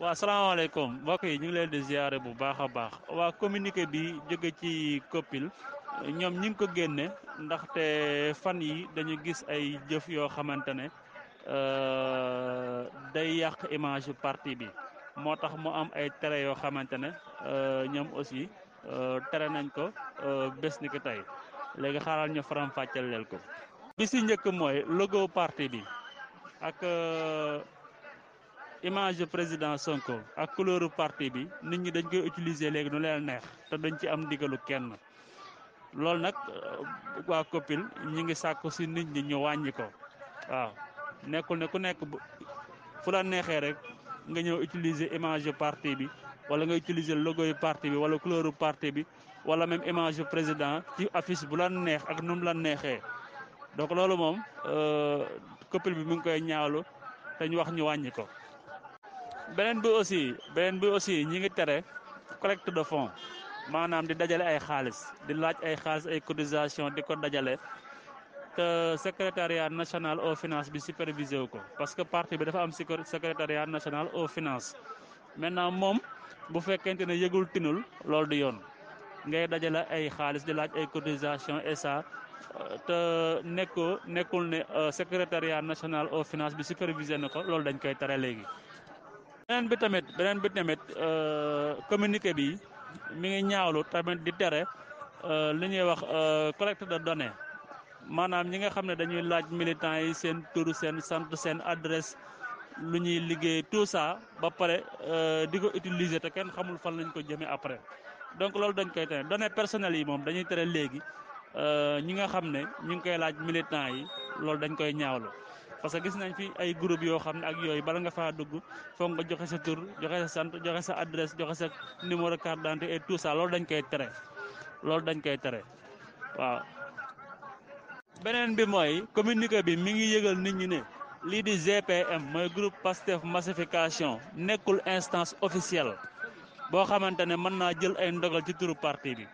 waaw salaamaaleykum mbokk yi ñu ngi leen de ziare bu baax a baax waa communiqué bi jóge ci COPIL ñoom ñi ngi ko génne ndaxte fan yi dañu gis ay jëf yoo xamante ne euh, day yàq image parti bi moo tax mu am ay tere yoo xamante ne euh, ñoom aussi euh, tere nañ ko bés ni ko tey léegi xaaral ñu faram fàcceel leen ko bi njëkk mooy logo parti bi ak image président Sonko ak couleur parti bi nit ñi dañ koy utiliser léegi nu leen neex te dañ ci am ndigalu kenn loolu nag euh, waa COPIL ñi ngi sàkku si nit ñi ñu wàññi ko waaw nekkul ne ku nekk fu la neexee rek nga ñëw utiliser image parti bi wala nga utiliser logo yu parti bi wala couleur parti bi wala même image président ci affiche bu la neex ak nu mu la neexee donc loolu moom euh, COPIL bi mu ngi koy ñaawlu te wax ñu wàññi ko. beneen bi aussi beneen bi aussi ñi ngi tere collecte de fonds maanaam di dajale ay xaalis di laaj ay xaalis ay cotisation di ko dajale te secrétariat national aux finance bi supervisé wu ko parce que parti bi dafa am secrétariat national au finances maintenant moom bu fekkente ne yëgul tinul loolu di yoon ngay dajale ay xaalis di laaj ay cotisation et ça te nekkoo nekkul ne euh, secrétariat national au finance bi supervisé na ko loolu dañ koy tere léegi beneen bi tamit beneen bi tamit euh, communiqué bi mi ngi ñaawlu tamit di tere euh, li ñuy wax euh, collecte de données maanaam ñi nga xam ne dañuy laaj militants yi seen tur seen sant seen adresse lu ñuy liggéey tout ça ba pare di ko utiliser te kenn xamul fan lañ ko jëmee après donc loolu dañ koy tere données personnelles yi moom dañuy tere léegi ñi nga xam ne ñu ngi koy laaj militants yi loolu dañ koy ñaawlu. parce que gis nañ fi ay groupe yoo xam ne ak yooyu bala nga faa dugg foog nga joxe sa tur joxe sa sant joxe sa adresse joxe sa numéro carte d'identité et tout ça loolu dañ koy tere loolu dañ koy tere waaw beneen bi mooy communiqué bi mi ngi yëgal nit ñi ne lii di gpm mooy groupe pastef massification nekkul instance officielle boo xamante ne mën naa jël ay ndogal ci turu parti bi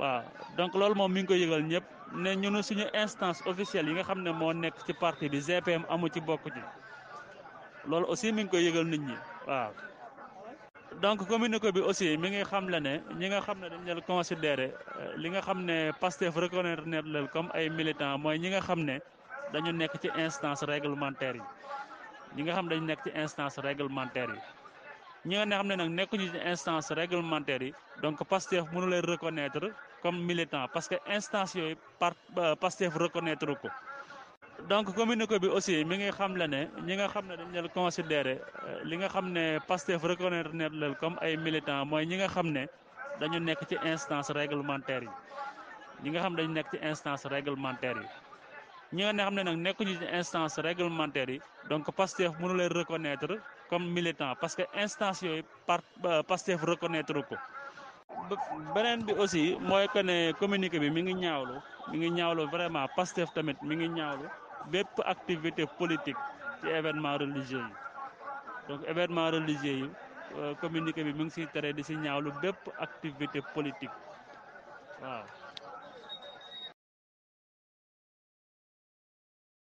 waaw donc loolu moom mi ngi koy yëgal ñëpp ne ñunu suñu instance officielle yi nga xam ne moo nekk ci parti bi GPM amu ci bokk ci loolu aussi mi ngi koy yëgal nit ñi waaw donc communiqué bi aussi mi ngi xam ne ñi nga xam ne dañ leen considéré euh, li nga xam ne Pastef reconnaître ne leen comme ay militant mooy ñi nga xam ne dañu nekk ci instance réglementaire yi ñi nga xam dañu nekk ci instance réglementaire yi ñi nga xam ne nag nekkuñu ci instance réglementaire yi donc Pastef mënu leen reconnaître comme militant parce que instance yooyu par euh, Pastef reconnaître ko donc communiqué bi aussi mi ngi xam la ne ñi nga xam ne dañ leen considéré euh, li nga xam ne Pastef reconnaître leen comme ay militant mooy ñi nga xam ne dañu nekk ci instance réglementaire yi ñi nga xam dañu nekk ci instance réglementaire yi ñi nga xam ne nag nekkuñu instance réglementaire yi donc Pastef mënu leen reconnaître comme militant parce que instance yooyu par euh, Pastef reconnaître ko beneen bi aussi mooy que ne communiqué bi mi ngi ñaawlu mi ngi ñaawlu vraiment Pastef tamit mi ngi ñaawlu bépp activité politique ci événement religieux yi donc événement religieux yi euh, communiqué bi mu ngi siy tere di si ñaawlu bépp activité politique waaw